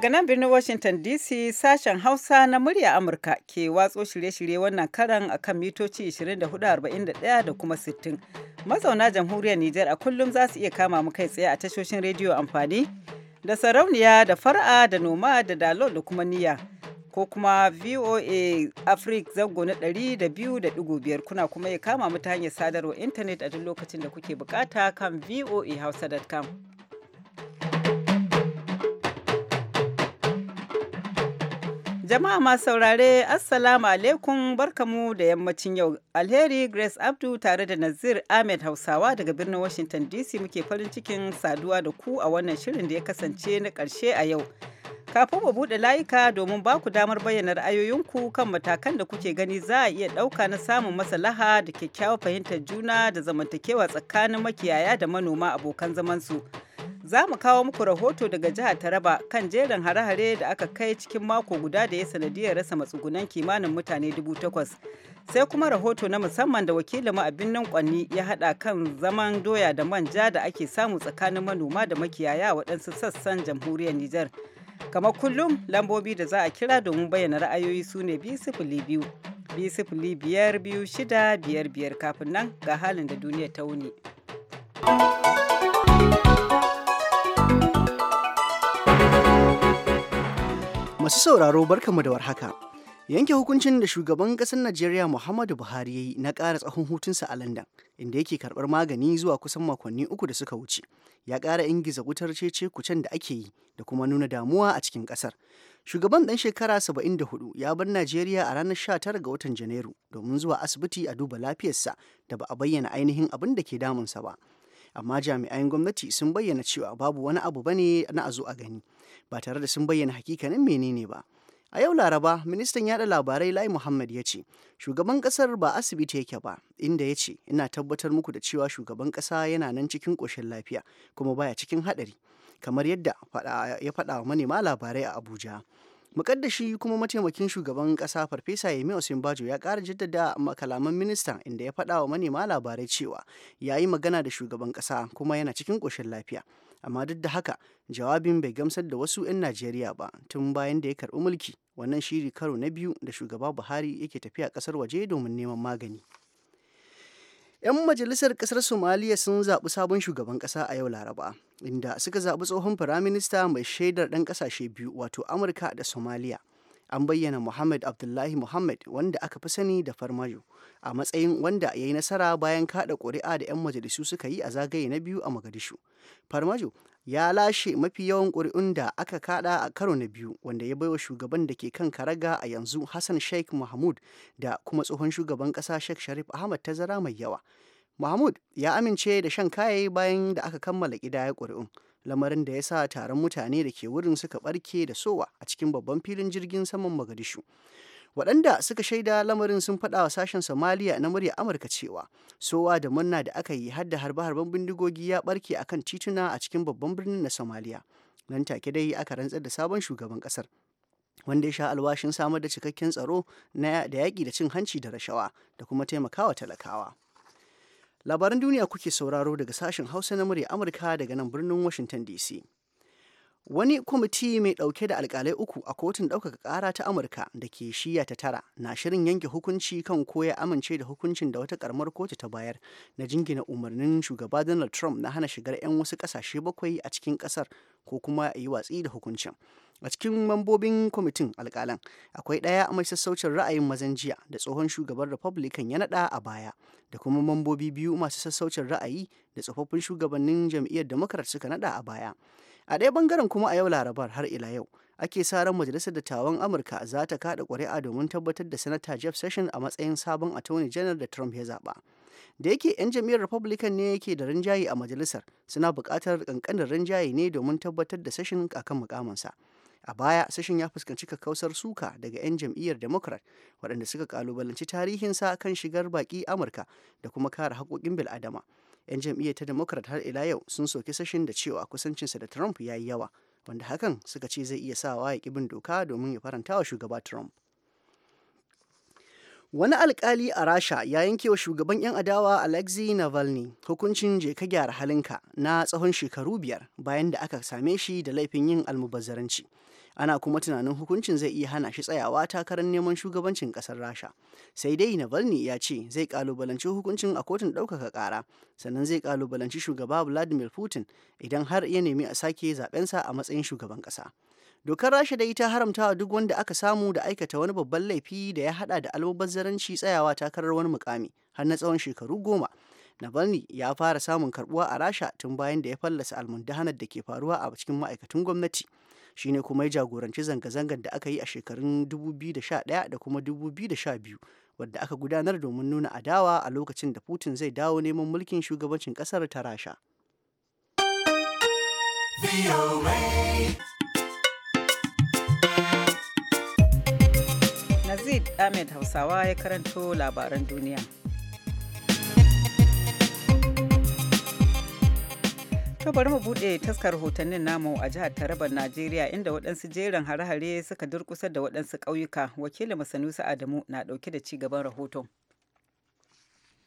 Daga nan birnin Washington DC sashen Hausa na murya Amurka ke watso shirye-shirye wannan karan a kan mitoci 24,41 da kuma 60. Mazauna jamhuriyar Nijar a kullum za su iya kama mu kai tsaye a tashoshin rediyo amfani da sarauniya da fara da noma da dalo da kuma niyya. Ko kuma VOA Africa zango na biyar kuna kuma iya kama mu ta hanyar sadarwa intanet a duk lokacin da kuke bukata kan voahausa.com. Jama'a ma saurare, Assalamu alaikum barkamu da yammacin yau. Alheri Grace Abdu tare da Nazir Ahmed Hausawa daga birnin Washington DC muke farin cikin saduwa da ku a wannan shirin da ya kasance na karshe a yau. Kafin mu buɗe layuka domin ba ku damar bayyana ra'ayoyinku kan matakan da kuke gani za a iya ɗauka na samun maslaha da kyakkyawar fahimtar juna da zamantakewa tsakanin makiyaya da manoma abokan zamansu. su. Za mu kawo muku rahoto daga jihar Taraba kan jerin hare-hare da aka kai cikin mako guda da ya sanadiyar rasa matsugunan kimanin mutane dubu takwas. Sai kuma rahoto na musamman da wakilin abin a Kwanni ya haɗa kan zaman doya da manja da ake samu tsakanin manoma da makiyaya waɗansu sassan jamhuriyar Nijar. Kamar kullum lambobi da za a kira domin bayyana ra'ayoyi su ne biyu biyar biyu shida biyar biyar kafin nan ga halin da duniya ta wuni. Masu sauraro barkamu da warhaka. Yanke hukuncin da shugaban ƙasar Najeriya Muhammadu Buhari ya yi na ƙara tsahon hutunsa a London, inda yake karɓar magani zuwa kusan makonni uku da suka wuce, ya ƙara ingiza wutar cece kucen da ake yi da kuma nuna damuwa a cikin ƙasar. Shugaban ɗan shekara 74 ya bar Najeriya a ranar 19 ga watan Janairu domin zuwa asibiti a duba lafiyarsa da ba a bayyana ainihin abin da ke damunsa ba. amma jami'an gwamnati sun bayyana cewa babu wani abu bane na a zo a gani ba tare da sun bayyana hakikanin menene ba a yau laraba ministan yada labarai lai muhammad ya ce shugaban kasar ba asibiti yake ba inda ya ce ina tabbatar muku da cewa shugaban kasa yana nan cikin koshin lafiya kuma baya cikin haɗari kamar yadda ya faɗa wa manema labarai a abuja Mukaddashi kuma mataimakin shugaban kasa Farfesa Yemi Osinbajo ya ƙara jaddada makalaman ministan inda ya faɗa wa manema labarai cewa ya yi magana da shugaban ƙasa kuma yana cikin ƙoshin lafiya. Amma duk da haka jawabin bai gamsar da wasu 'yan Najeriya ba tun bayan da ya karɓi mulki wannan shiri karo na biyu da shugaba Buhari yake tafiya ƙasar waje domin neman magani. 'Yan majalisar kasar Somaliya sun zaɓi sabon shugaban ƙasa a yau Laraba, inda suka zaɓi tsohon firaminista mai shaidar ɗan ƙasashe biyu wato Amurka da Somaliya. An bayyana Muhammad Abdullahi Muhammad wanda aka fi sani da Farmajo a matsayin wanda ya yi nasara bayan kaɗa ƙuri'a da 'yan majalisu suka yi a zagaye na biyu a Mogadishu. Farmajo ya lashe mafi yawan ƙuri'un da aka kada a karo na biyu wanda ya baiwa shugaban da ke kan karaga a yanzu hassan sheikh mahmud da kuma tsohon shugaban ƙasa sheikh sharif ahmad tazara mai yawa mahmud ya amince da shan kayayi bayan da aka kammala ƙidaya ƙuri'un lamarin da ya sa taron mutane da ke wurin suka barke da sowa a cikin babban filin jirgin saman magadishu waɗanda suka shaida lamarin sun faɗa wa sashen somaliya na murya amurka cewa sowa da murna da aka yi har da harbe-harben bindigogi ya barke akan tituna a cikin babban birnin na somaliya nan take dai aka rantsar da sabon shugaban kasar wanda ya sha alwashin samar da cikakken tsaro na da yaƙi da cin hanci da rashawa da kuma taimakawa talakawa labaran duniya kuke sauraro daga sashen hausa na murya amurka daga nan birnin washington dc wani kwamiti mai ɗauke da alkalai uku a kotun ɗaukaka kara ta amurka da ke shiya ta tara na shirin yanke hukunci kan koya amince da hukuncin da wata karamar kotu ta bayar na jingina umarnin shugaba donald trump na hana shigar 'yan wasu kasashe bakwai a cikin kasar ko kuma yi watsi da hukuncin a cikin mambobin kwamitin alkalan akwai ɗaya mai sassaucin ra'ayin mazan jiya da tsohon shugaban republican ya naɗa a baya da kuma mambobi biyu masu sassaucin ra'ayi da tsofaffin shugabannin jam'iyyar democrat suka naɗa a baya a ɗaya bangaren kuma a yau larabar har ila yau ake sa ran majalisar dattawan amurka za ta kada ƙuri'a domin tabbatar da sanata jeff sessions a matsayin sabon attorney general da trump ya zaɓa da yake 'yan jam'iyyar republican ne yake da rinjaye a majalisar suna buƙatar ƙanƙanin rinjaye ne domin tabbatar da session akan mukaminsa a baya session ya fuskanci kakkausar suka daga 'yan jam'iyyar democrat waɗanda suka kalubalanci tarihinsa kan shigar baƙi amurka da kuma kare haƙoƙin bil'adama adama 'yan jam'iyyar ta democrat har ila yau sun soki sashin da cewa kusancinsa da trump ya yi yawa wanda hakan suka ce zai iya sawa ya ƙi bin doka domin ya faranta wa shugaba trump wani alkali a rasha ya yanke wa shugaban 'yan adawa alexei navalny hukuncin je ka gyara halinka na tsawon shekaru biyar bayan da aka same shi da laifin yin almubazzaranci ana kuma tunanin hukuncin zai iya hana shi tsayawa takarar neman shugabancin kasar rasha sai dai navalny ya ce zai kalubalanci hukuncin a kotun ɗaukaka ƙara sannan zai kalubalanci shugaba vladimir putin idan har ya nemi a sake zaɓensa a matsayin shugaban ƙasa dokar rasha da ita haramtawa duk wanda aka samu da aikata wani babban laifi da ya hada da almubazzaranci tsayawa takarar wani mukami har na tsawon shekaru goma Navalny ya fara samun karbuwa a Rasha tun bayan da ya fallasa almundahanar da ke faruwa a cikin ma'aikatan gwamnati. shine kuma ya jagoranci zanga-zangar da aka yi a shekarun 2011 da kuma 2012 wadda aka gudanar domin nuna adawa a lokacin da putin zai dawo neman mulkin shugabancin kasar ta rasha Nazid Ahmed Hausawa ya karanto labaran duniya. To bari mu buɗe taskar hotannin namu a jihar Taraban Najeriya inda waɗansu jerin hare-hare suka durkusa da waɗansu ƙauyuka. Wakilin masanusa Adamu na ɗauke da ci gaban rahoton.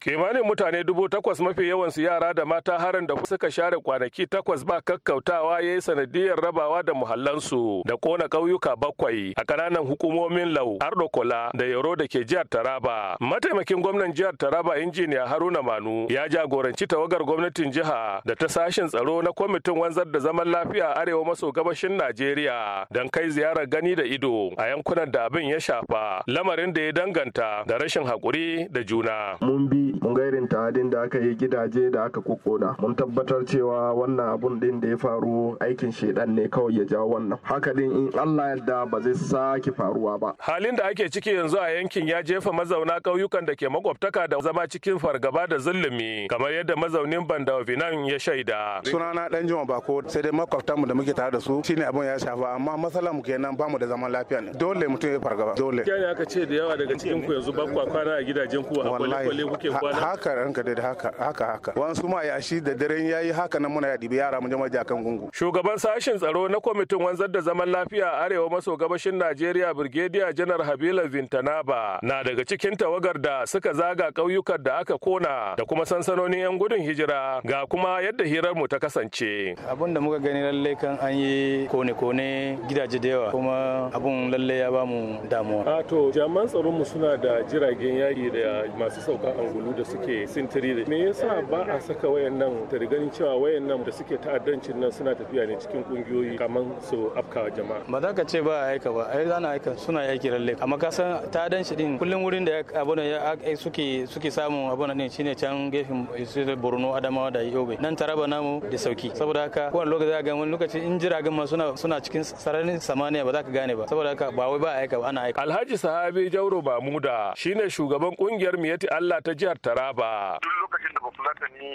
kimanin mutane dubu takwas mafi yawansu yara da mata harin da suka share kwanaki takwas ba kakkautawa ya yi sanadiyar rabawa da muhallansu da kona ƙauyuka bakwai a ƙananan hukumomin lau ardokola da yaro da ke jihar taraba mataimakin gwamnan jihar taraba injiniya haruna manu ya jagoranci tawagar gwamnatin jiha da ta sashen tsaro na kwamitin wanzar da zaman lafiya arewa maso gabashin najeriya don kai ziyarar gani da ido a yankunan da abin ya shafa lamarin da ya danganta da rashin haƙuri da juna. Mun bi Mungaire irin ta'adin da aka yi gidaje da aka kukkona mun tabbatar cewa wannan abun din da ya faru aikin shedan ne kawai ya jawo wannan haka din in Allah yadda ba zai sake faruwa ba halin da ake ciki yanzu a yankin ya jefa mazauna ƙauyukan da ke makwabtaka da zama cikin fargaba da zulumi kamar yadda mazaunin Bandawa Finan ya shaida sunana dan Juma Bako sai dai makwabtanmu da muke tare da su shine abun ya shafa amma matsalan mu kenan mu da zaman lafiya ne dole mutum ya fargaba dole kyan aka ce da yawa daga cikin ku yanzu ba ku kwana a gidajen ku a kwale-kwale kuke kwana haka yara ka da haka haka haka wasu ma yashi da daren yayi haka nan muna dibi yara mu jama'a kan gungu shugaban sashin tsaro na kwamitin wanzar da zaman lafiya arewa maso gabashin Najeriya Brigadier Janar Habila Vintanaba na daga cikin tawagar da suka zaga ƙauyukan da aka kona da kuma sansanonin 'yan gudun hijira ga kuma yadda hirar mu ta kasance. Abin da muka gani lalle kan an yi kone-kone gidaje da yawa kuma abun lalle ya bamu damuwa. A to jami'an tsaron mu suna da jiragen yaki da masu saukan angulu da suke sintiri da me yasa ba a saka wayannan ta da ganin cewa wayannan da suke ta'addancin nan suna tafiya ne cikin kungiyoyi kaman su afkawa jama'a ba za ka ce ba a aika ba yi zana aika suna aiki lalle amma ka san ta'addanci din kullum wurin da abun ya suke suke samun abun din shine can gefen Borno Adamawa da Yobe nan Taraba namu da sauki saboda haka kowane lokaci za ga wani lokaci in jiragen ma suna suna cikin sararin samaniya ba za ka gane ba saboda haka ba wai ba aika ba ana aika Alhaji Sahabi Jauro shine shugaban kungiyar Miyati Allah ta jihar Taraba duk lokacin da bafulatani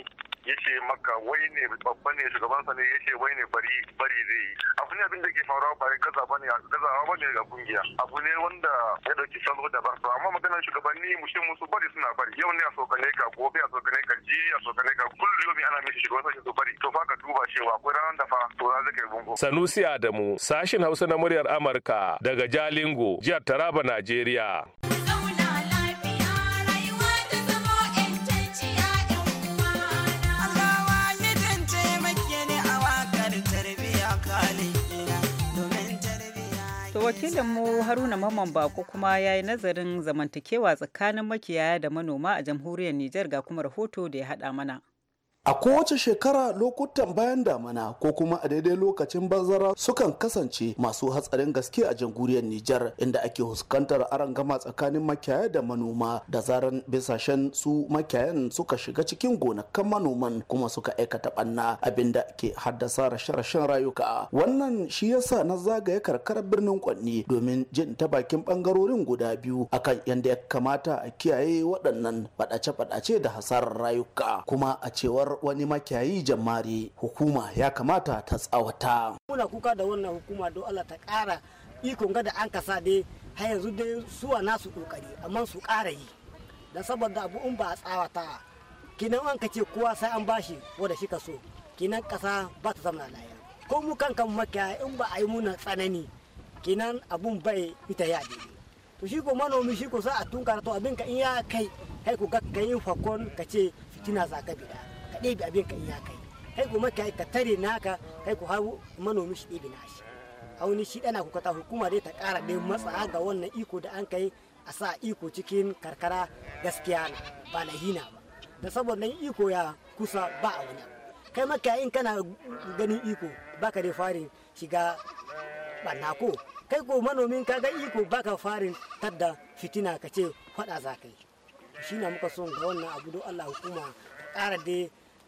ya ce maka wai ne babba ne shugaban sa ne ya ce wai ne bari bari zai yi abu ne abin da ke faruwa ba gaza bane gazawa bane ga kungiya abu ne wanda ya dauki salo da ba amma maganar shugabanni mushin musu bari suna bari yau ne a sokane ka gobe a sokane ka ji a sokane ka kullum ana mishi shugaban sa su bari to fa ka duba cewa akwai ranar da fa to za ka yi bungo Sanusi Adamu sashin Hausa na muryar Amurka daga Jalingo jihar Taraba Najeriya mu haruna mamman bako kuma ya yi nazarin zamantakewa tsakanin makiyaya da manoma a jamhuriyar nijar ga kuma rahoto da ya haɗa mana A kowace shekara lokutan bayan damana ko kuma a daidai lokacin bazara sukan kasance masu hatsarin gaske a jamhuriyar Nijar inda ake huskantar gama tsakanin makiyaya da manoma da zaran bisashen su makiyayan suka shiga cikin gonakan manoman kuma suka aikata banna abinda ke haddasa rashe-rashen rayuka. Wannan shi yasa na zagaye karkarar birnin Kwanni domin jin ta bakin bangarorin guda biyu akan yadda ya kamata a kiyaye waɗannan faɗace-faɗace da hasarar rayuka kuma a cewar wani makiyayi jamari hukuma ya kamata ta tsawata muna kuka da wannan hukuma don allah ta ƙara ikon gada an kasa dai har yanzu dai suwa nasu ƙoƙari amma su kara yi da saboda abu in ba a tsawata kinan an kace kowa sai an bashi wanda shi ka so kinan kasa ba ta zama lafiya ko mu kanka makiyayi in ba a yi muna tsanani kinan abun bai ita ya daidai to shi ko manomi shi ko sa a tunkara to abin ka in ya kai kai ku ga kai fakon ka ce fitina za ka ɗebe abin ka iya kai kai ku maka ka tare naka kai ku hau manomi shi ɗebe na shi ni shi ɗana ku kata hukuma dai ta ƙara ɗin matsa ga wannan iko da an kai a sa iko cikin karkara gaskiya na ba lahina ba da saboda iko ya kusa ba a wani kai maka in kana ganin iko baka dai farin shiga ɓanna ko kai ko manomin ka ga iko baka farin tadda fitina ka ce faɗa za ka yi shi na muka son ga wannan abu don allah hukuma ƙara da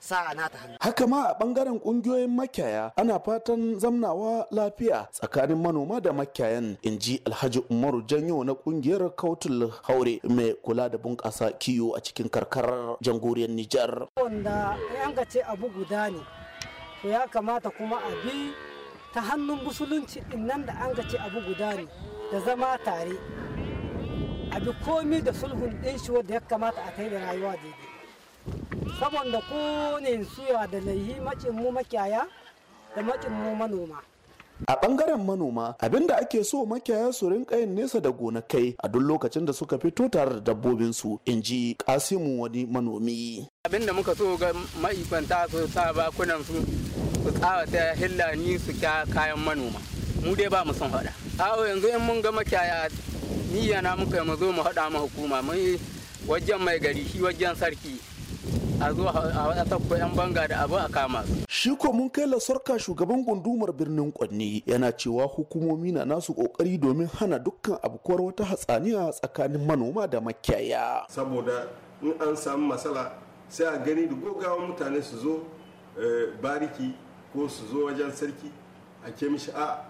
ta hannu haka ma a ɓangaren ƙungiyoyin makiyaya ana fatan zamnawa lafiya tsakanin manoma da makiyayan in ji alhaji umaru janyo na ƙungiyar kautul haure mai kula da bunƙasa kiwo a cikin karkarar jangoriyar nijar wanda an ga abu guda ne to ya kamata kuma a bi ta hannun musulunci nan da an ce abu guda ne da zama tare a bi komi da sulhun ɗin shi wanda ya kamata a kai da rayuwa daidai saboda ku ne suya da laihi macin mu makiyaya da macin mu manoma a bangaren manoma abinda ake so makiyaya su rinka yin nesa da gonakai a duk lokacin da suka fito tare da dabbobinsu in ji kasimu wani manomi abinda muka so ga ma'aikanta su sa bakunan su su tsawata ni su kya kayan manoma mu dai ba mu son hada awo yanzu in mun ga makiyaya niyya na muka mu zo mu hada mu hukuma mun wajen mai gari shi wajen sarki a zo a sabko yan banga da abu a kama su. Shi ko mun kai lasarka shugaban gundumar birnin Kwanni yana cewa hukumomi na nasu kokari domin hana dukkan abkuwar wata hatsaniya tsakanin manoma da makiyaya. Saboda in an samu matsala sai a gani da gogawa mutane su zo eh, bariki ko su zo wajen sarki a ke mishi a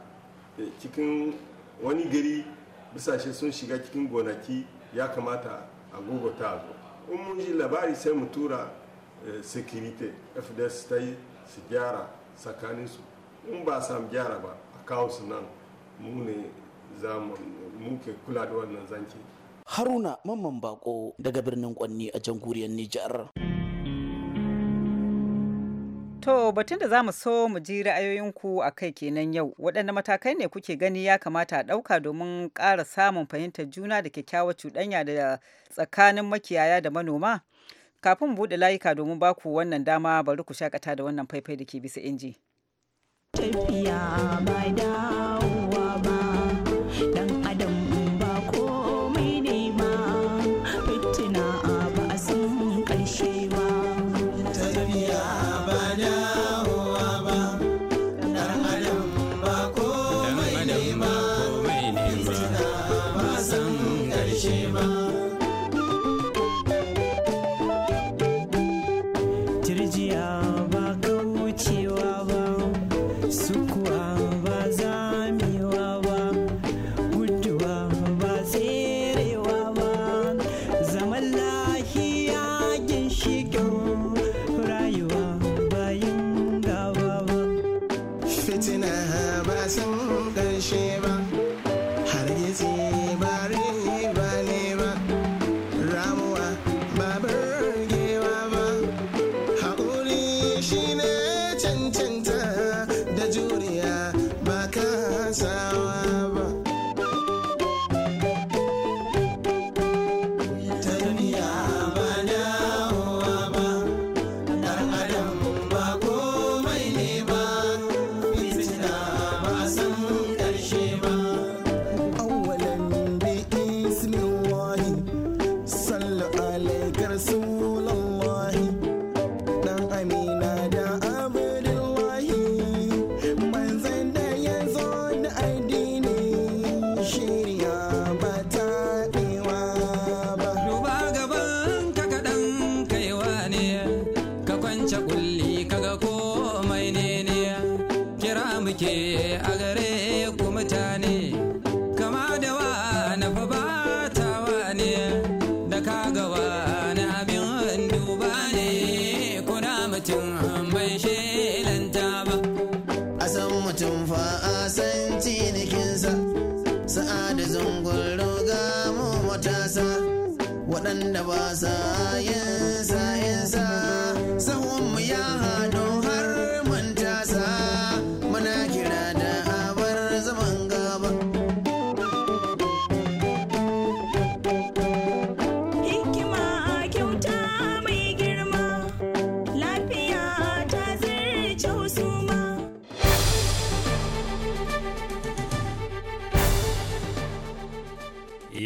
eh, cikin wani gari bisa shi sun shiga cikin gonaki ya kamata a gogota zo in mun ji labari sai mu tura Eh, security fds ta yi su gyara su in ba gyara ba a kawo nan mu ne ke kula da wannan zanki haruna mamman bako daga birnin kwanni a jamhuriyar nijar To batun da za mu so mu ji ra'ayoyinku a kai kenan yau, waɗanne matakai ne kuke gani ya kamata a ɗauka domin ƙara samun fahimtar juna da kyakkyawar cuɗanya da tsakanin makiyaya da manoma? Kafin mu buɗe layuka domin baku wannan dama bari ku shakata da wannan faifai da ke bisa inji. Tafiya dawo.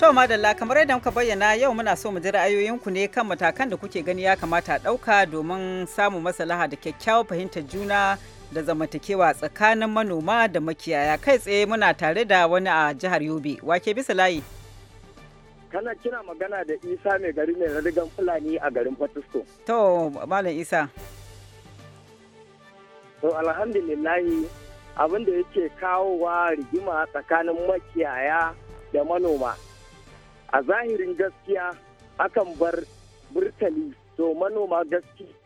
To madalla kamar yadda muka bayyana yau muna so mu ji ra'ayoyinku ne kan matakan da kuke gani ya kamata a ɗauka domin samun maslaha da kyakkyawar fahimtar juna da zamantakewa tsakanin manoma da makiyaya kai tsaye muna tare da wani a jihar Yobe. Wake bisa layi. Kana kira magana da Isa mai gari mai radigan Fulani a garin Fatisko. To Malam Isa. To alhamdulillahi abin da yake kawowa rigima tsakanin makiyaya da manoma. a zahirin gaskiya akan bar burtali to manoma gaskiya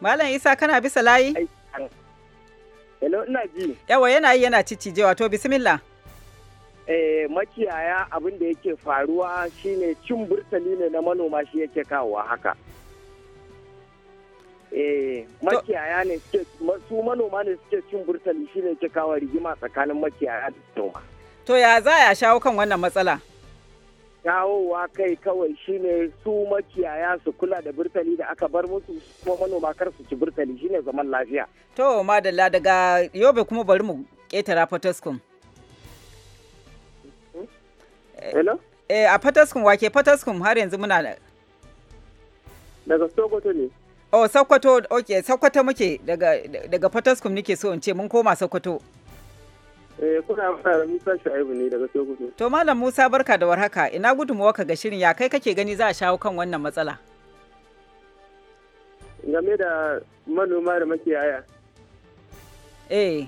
Malam Isa kana bisa layi? Hello ina ji. Yawa yana yi yana ciccijewa to bismillah. Eh makiyaya abin da yake faruwa shine cin burtali ne na manoma shi yake kawowa haka. Eh makiyaya ne suke su manoma ne suke cin burtali shine yake kawo rigima tsakanin makiyaya da noma. To ya za a shawo kan wannan matsala? Shawowa kai kawai shine su makiyaya su kula da burtali da aka bar musu kuma manoma kar su ci burtali shine zaman lafiya. To madalla daga yobe kuma bari mu ƙetara fataskun. Eh, Hello? Eh, a fataskun wake fataskun har yanzu muna da. Daga Sokoto ne. Oh, Sokoto, ok, Sokoto muke daga, daga fataskum nike so in ce mun koma Sokoto. Eh, kuna fara Musa Shu'aibu ne daga Sokoto. To Malam Musa barka da warhaka. Ina gudunmawa ka ga shirin ya kai kake gani za a shawo kan wannan matsala? Game da manoma da makiyaya. Eh.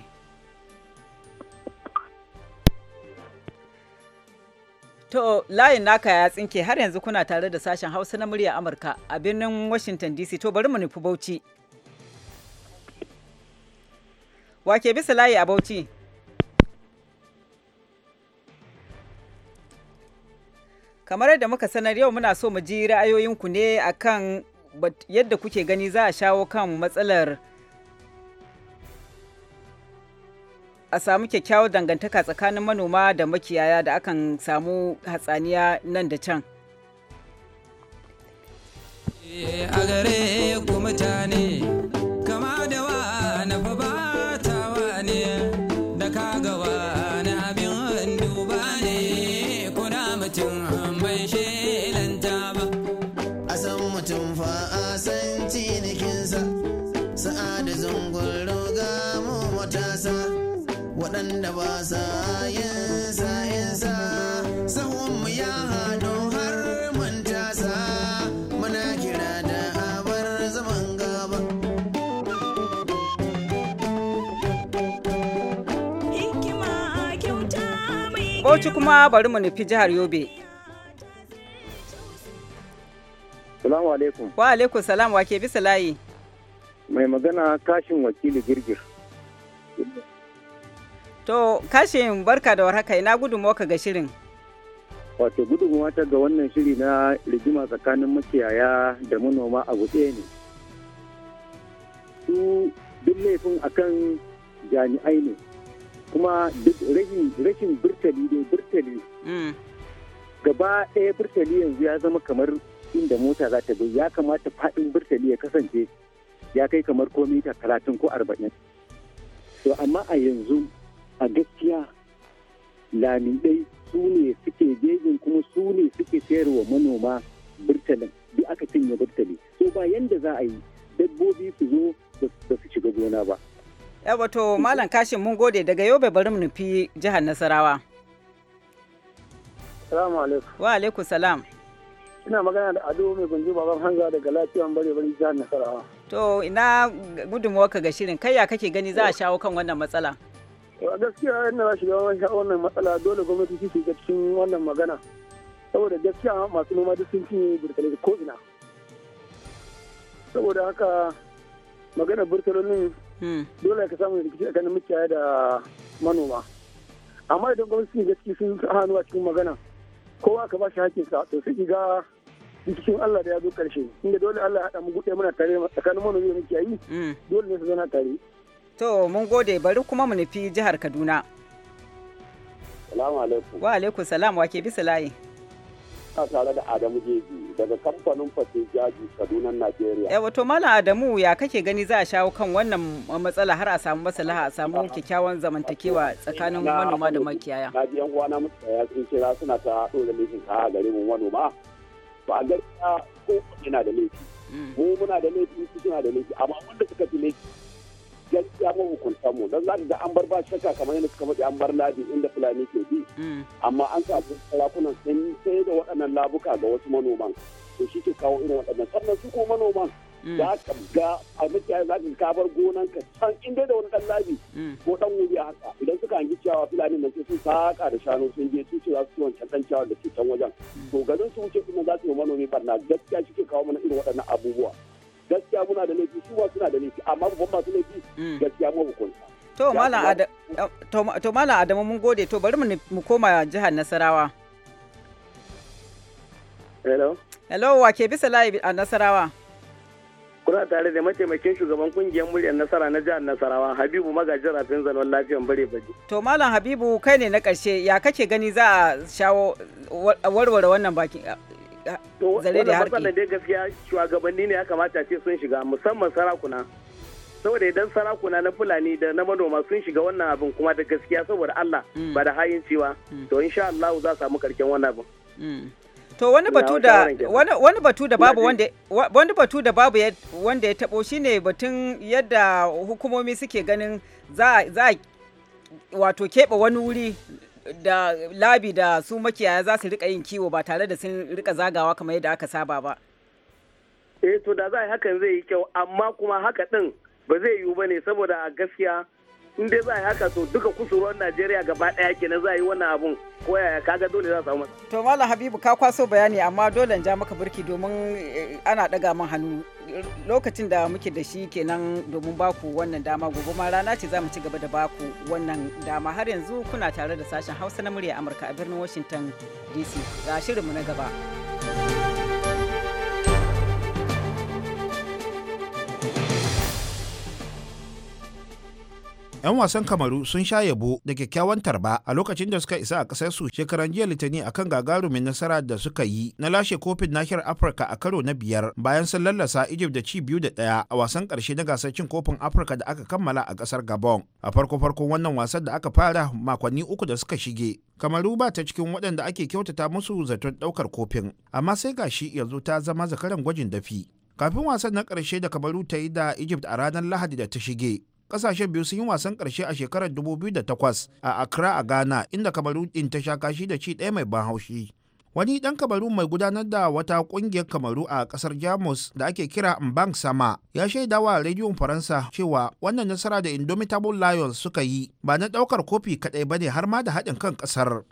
To layin naka ya tsinke har yanzu kuna tare da sashen Hausa na murya Amurka a birnin Washington DC to bari mu nufi Bauchi. Wake bisa layi a Bauchi. kamar yadda muka sanar yau muna so mu ji ra'ayoyinku ne akan yadda kuke gani za a shawo kan matsalar a samu kyakkyawar dangantaka tsakanin manoma da makiyaya da akan samu hatsaniya nan da can eh, a gare Bauchi kuma bari mu nufi jihar Yobe. Salamu alaikum. Wa alaikum salam wa ke bisa layi. Mai magana kashin wakili girgir. To kashin barka da warhaka ina gudunmuwa ka ga shirin. Wato gudunmuwa ta ga wannan shiri na rigima tsakanin makiyaya da manoma a gutse ne. Su duk laifin akan jami'ai ne. kuma rashin burtali dai burtali mm. gaba ɗaya burtali yanzu ya zama kamar inda mota za ta ya kamata faɗin burtali ya kasance ya kai kamar ko mita talatin ko arba'in to amma a yanzu a gaskiya lamidai su ne suke jejin kuma su ne suke sayarwa manoma burtalin duk aka cinye burtali so ba yanda za a yi dabbobi su zo ba su shiga gona ba ya wato malam kashin mun gode daga yobe bari mu nufi jihar nasarawa salamu alaikum wa alaikum salam ina magana da ado mai gunji baban hanga daga lafiyan bare bari jihar nasarawa to ina gudunmuwa ka ga shirin kai ya kake gani za a shawo kan wannan matsala a gaskiya ina za shiga wani wannan matsala dole gwamnati su shiga cikin wannan magana saboda gaskiya masu noma duk sun cinye burtalai ko ina saboda haka maganar burtalolin Hmm. dole ka samu rikici ganin mukiyaya da manoma amma idan gwamnati gaski sun hannu a cikin magana kowa ka ba shi hakinsa to sai ga cikin Allah da ya zo karshe inda dole Allah ya haɗa mu guɗe muna tare tsakanin manomi da mukiyayi hmm. dole ne su zana tare to mun gode bari kuma mu nufi jihar Kaduna salamu alaikum wa alaikum salam wa ke bisa layi a tare da Adamu Jeji daga kamfanin Fate Jaji Kaduna Najeriya. Yawa to Malam Adamu ya kake gani za a shawo kan wannan matsala har a samu maslaha a samu kyakkyawan zamantakewa tsakanin manoma da makiyaya. Na ji yan uwana ya sun kira suna ta haɗo da laifin kaya gare mu manoma. Ba a gaskiya ko yana da laifi. Mm. Mu muna da laifi su suna da laifi amma wanda suka fi laifi gaskiya mu hukunta mu don za da an bar ba shakka kamar yadda suka faɗi an bar labi inda fulani ke bi mm. amma an samu sarakunan sun sai da waɗannan labuka ga wasu manoman to shi ke kawo irin waɗannan sannan su ko manoman mm. za ka ga a mutane za ka bar gonan ka can in dai da wani dan labi mm. ko dan wuri haka idan suka hangi ciyawa fulani nan sai sun saka da shanu sun je su ce za su wancan dan ciyawa da ke can wajen to garin su wuce kuma za su yi manomi barna gaskiya shi ke kawo mana irin waɗannan abubuwa gaskiya muna da laifi su ma suna da laifi amma babban masu laifi mm. gaskiya mu hukunta to malam adamu mun gode to bari mu koma jihar nasarawa hello hello wa ke bisa layi a nasarawa kuna tare da mataimakin shugaban kungiyar muryar nasara na jihar nasarawa habibu magajin rafin zanen lafiyan bare baje to malam habibu kai ne na karshe ya kake gani za a shawo warware wannan Wannan dai gaskiya shugabanni ne ya kamata ce sun shiga musamman sarakuna. Saboda idan sarakuna na Fulani da na manoma sun shiga wannan abin kuma da gaskiya saboda Allah mm. ba da hayin cewa mm. to insha Allah za samu karken wannan abin. Mm. To wani batu da wani batu da babu wanda wani batu da babu wanda ya tabo shine batun yadda hukumomi suke ganin za za wato keɓe wani wuri da labi da su makiyaya za su rika yin kiwo ba tare da sun rika zagawa kamar yadda aka saba ba eh to da za a hakan zai yi kyau amma kuma haka din ba zai yiwu ba ne saboda a gaskiya in dai za a yi haka to duka kusurwar najeriya gaba ke kenan za a yi wannan abun ko yaya kaga dole za a samu to malam habibu ka kwaso bayani amma dole ja maka burki domin eh, ana ɗaga min hannu lokacin da muke da shi kenan domin baku wannan dama gobe ma rana ce za mu ci gaba da baku wannan dama har yanzu kuna tare da sashen hausa na murya amurka a birnin washington dc ga shirinmu na gaba. 'Yan wasan Kamaru sun sha yabo da kyakkyawan tarba a lokacin da suka isa a ƙasar su shekaran jiya Litinin akan gagarumin nasara da suka yi na lashe kofin nahiyar Afirka a karo na biyar bayan sun lallasa Egypt da ci biyu da ɗaya a wasan ƙarshe na gasar cin kofin Afirka da aka kammala a ƙasar Gabon. A farko farkon wannan wasan da aka fara makonni uku da suka shige. Kamaru ba ta cikin waɗanda ake kyautata musu zaton ɗaukar kofin, amma sai gashi yanzu ta zama zakaran gwajin dafi. Kafin wasan na ƙarshe da Kamaru ta yi da Egypt a ranar Lahadi da ta shige, kasashen biyu sun yi wasan karshe a shekarar 2008 a accra a ghana inda kamaru din ta sha kashi da ci ɗaya mai ban haushi wani ɗan kamaru mai gudanar da wata ƙungiyar kamaru a ƙasar jamus da ake kira bank sama ya shaida wa rediyon faransa cewa wannan nasara da indomitable lions suka yi ba na ɗaukar kofi kaɗai ba ne har ma da haɗin kan ƙasar.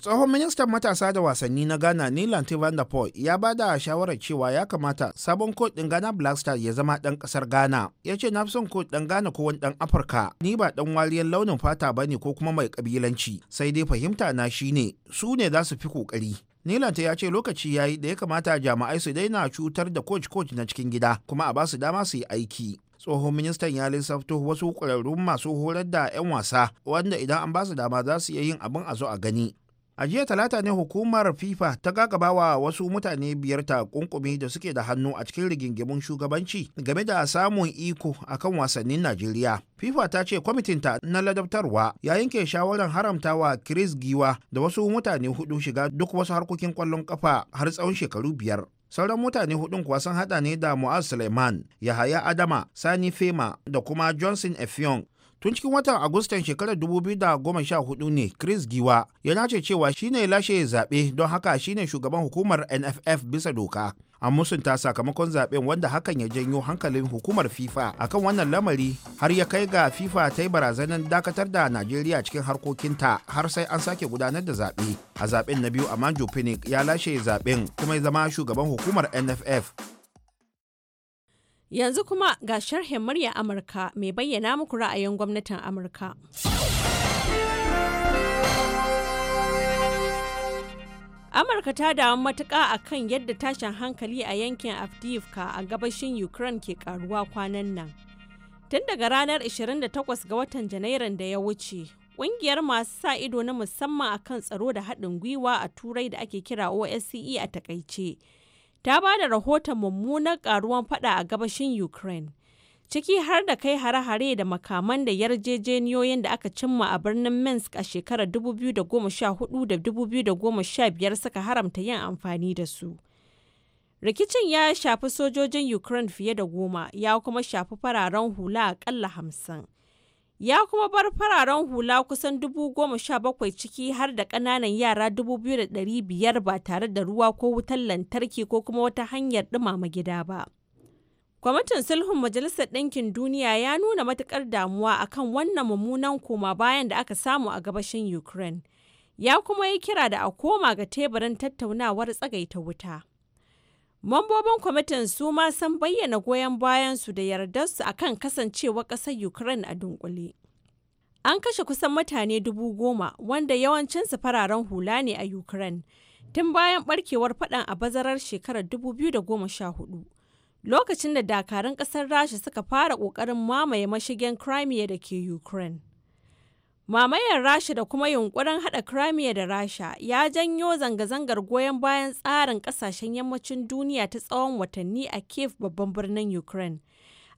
tsohon ministan matasa da wasanni na ghana nilan van ya ba da shawarar cewa ya kamata sabon kot din ghana black ya zama dan kasar ghana ya ce na fi son kot dan ghana ko wani dan afirka ni ba dan wariyar launin fata ba ne ko kuma mai kabilanci sai dai fahimta na shi ne su ne za su fi kokari Nilanta ya ce lokaci ya yi da ya kamata jami'ai su daina cutar da coach-coach na cikin gida kuma a ba su dama su yi aiki. tsohon ministan ya lissafto wasu ƙwararrun masu horar da 'yan wasa wanda idan an ba su dama za su iya yin abin a zo a gani a jiya talata ne hukumar fifa ta gagabawa wasu mutane biyar ta kunkumi da suke da hannu a cikin rigingimun shugabanci game da samun iko a kan wasannin najeriya fifa ta ce kwamitinta na ladabtarwa ya yanke shawarar haramtawa chris giwa da wasu mutane hudu shiga duk wasu harkokin kwallon kafa har tsawon shekaru biyar sauran mutane hudun kuwa sun hada ne da mu'az suleiman yahaya adama sani fema da kuma johnson effiong tun cikin watan agustan shekarar 2014 ne chris giwa ya nace cewa shine lashe zaɓe don haka shine shugaban hukumar nff bisa doka an musunta sakamakon zaɓen wanda hakan ya janyo hankalin hukumar fifa akan wannan lamari har ya kai ga fifa ta yi barazanar dakatar da najeriya cikin harkokinta har sai an sake gudanar da zaɓe a zaɓen na biyu amanjo phoenix ya lashe zaɓen kuma ya zama shugaban hukumar nff Yanzu kuma ga sharhin murya Amurka mai bayyana muku ra'ayin gwamnatin Amurka. Amurka ta damu matuƙa a kan yadda tashin hankali a yankin Afdivka a gabashin Ukraine ke ƙaruwa kwanan nan. Tun daga ranar 28 ga watan Janairun da ya wuce, ƙungiyar masu sa ido na musamman akan tsaro da haɗin gwiwa a Turai da ake kira OSCE a takaice. ta ba da rahoton mummunar karuwan fada a gabashin Ukraine, ciki har da kai hare-hare da makaman da yarjejeniyoyin da aka cimma a birnin Minsk a shekarar 2014 da 2015 suka haramta yin amfani da su. Rikicin ya shafi sojojin Ukraine fiye da goma, ya kuma shafi fararen hula akalla hamsin. ya kuma bar fararen hula kusan dubu goma sha bakwai ciki har da ƙananan yara dubu biyu da ɗari biyar ba tare da ruwa ko wutar lantarki ko kuma wata hanyar ɗumama gida ba. Kwamitin sulhun Majalisar Ɗinkin Duniya ya nuna matuƙar damuwa akan wannan mummunan koma bayan da aka samu a gabashin Ukraine. Ya kuma yi kira da a koma ga teburin tattaunawar tsagaita wuta. Mambobin kwamitin su ma sun bayyana goyon bayansu da yardarsu akan kasancewa ƙasar Ukraine a dunkule. An kashe kusan mutane dubu goma wanda yawancinsu fararen hula ne a Ukraine tun bayan barkewar faɗan a bazarar shekarar 2014 lokacin da dakarun ƙasar Rasha suka fara ƙoƙarin mamaye mashigin Crimea da ke Ukraine. Mamayar Rasha da kuma yunkurin haɗa Crimea da Rasha ya janyo zanga-zangar goyon bayan tsarin ƙasashen yammacin duniya ta tsawon watanni a Kiev babban birnin Ukraine.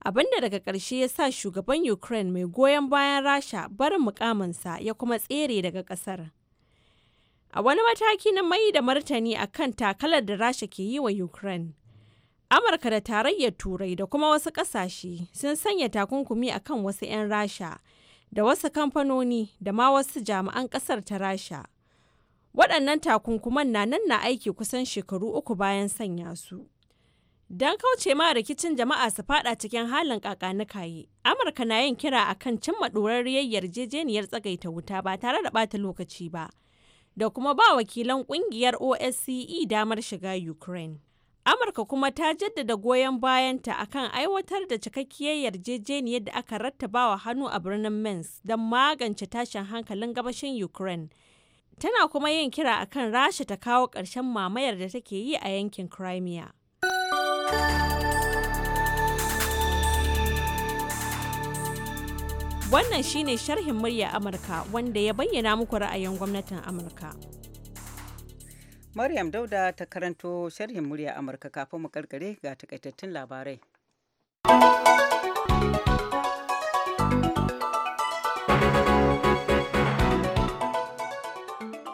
Abinda daga ƙarshe ya sa shugaban Ukraine mai goyon bayan Rasha barin mukaminsa ya kuma tsere daga ƙasar. A wani mataki na mai da martani a kan takalar da Rasha ke yi wa Ukraine. Amurka da Tarayyar Turai da kuma wasu ƙasashe sun sanya takunkumi akan wasu 'yan Rasha. da wasu kamfanoni da ma wasu jami'an ƙasar ta rasha waɗannan takunkuman na nan na aiki kusan shekaru uku bayan sanya su don kauce ma rikicin jama'a su fada cikin halin yi amurka na yin kira a kan cimma ɗorarriyar yarjejeniyar tsagaita wuta ba tare da ɓata lokaci ba da kuma ba wakilan ƙungiyar osce damar shiga ukraine amurka kuma ta jaddada goyon bayanta akan aiwatar da cikakkiyar yarjejeniyar da aka rattabawa hannu a birnin minsk don magance tashin hankalin gabashin ukraine tana kuma yin kira akan rasha ta kawo ƙarshen mamayar da take yi a yankin crimea wannan shine sharhin murya amurka wanda ya bayyana muku ra'ayin gwamnatin amurka Maryam Dauda ta karanto sharhin murya Amurka kafin mu karkare ga takaitattun labarai.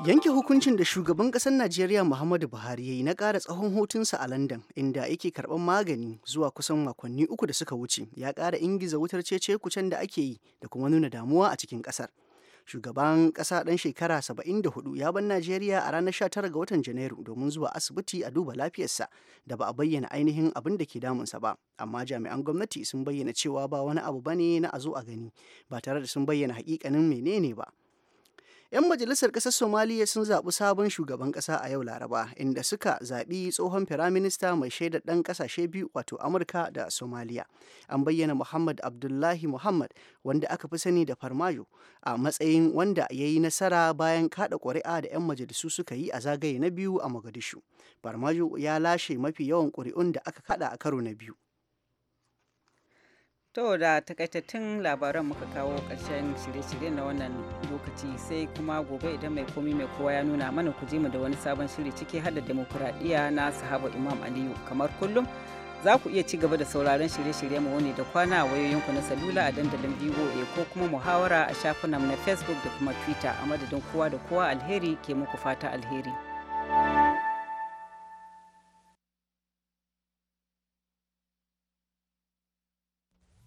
Yanke hukuncin da shugaban ƙasar Najeriya Muhammadu Buhari ya yi na ƙara tsohon hutunsa a London inda yake karɓar magani zuwa kusan makonni uku da suka wuce ya ƙara ingiza wutar ce cece kucen da ake yi da kuma nuna damuwa a cikin ƙasar. shugaban ƙasa ɗan shekara 74 ya bar najeriya a ranar 19 ga watan janairu domin zuwa asibiti a duba lafiyarsa da ba a bayyana ainihin abin da ke damunsa ba amma jami'an gwamnati sun bayyana cewa ba wani abu bane na a zo a gani ba tare da sun bayyana hakikanin menene ba 'Yan majalisar ƙasar Somaliya sun zaɓi sabon shugaban ƙasa a yau Laraba, inda suka zaɓi tsohon firaminista mai shaidar ɗan ƙasashe biyu wato Amurka da Somaliya. An bayyana Muhammad Abdullahi Muhammad wanda aka fi sani da Farmajo a matsayin wanda ya yi nasara bayan kaɗa ƙuri'a da 'yan majalisu suka yi a zagaye na biyu a Mogadishu. Farmajo ya lashe mafi yawan ƙuri'un da aka kaɗa a karo na biyu. To da takaitattun labaran muka kawo ƙarshen shirye-shirye na wannan lokaci sai kuma gobe idan mai komi mai kowa ya nuna mana ku mu da wani sabon shiri ciki har da demokuraɗiyya na sahaba Imam Aliyu kamar kullum. Za ku iya ci gaba da sauraron shirye-shirye mu wani da kwana a wayoyin ku na salula a dandalin VOA ko kuma muhawara a shafinanmu na Facebook da kuma Twitter a madadin kowa da kowa alheri ke muku fata alheri.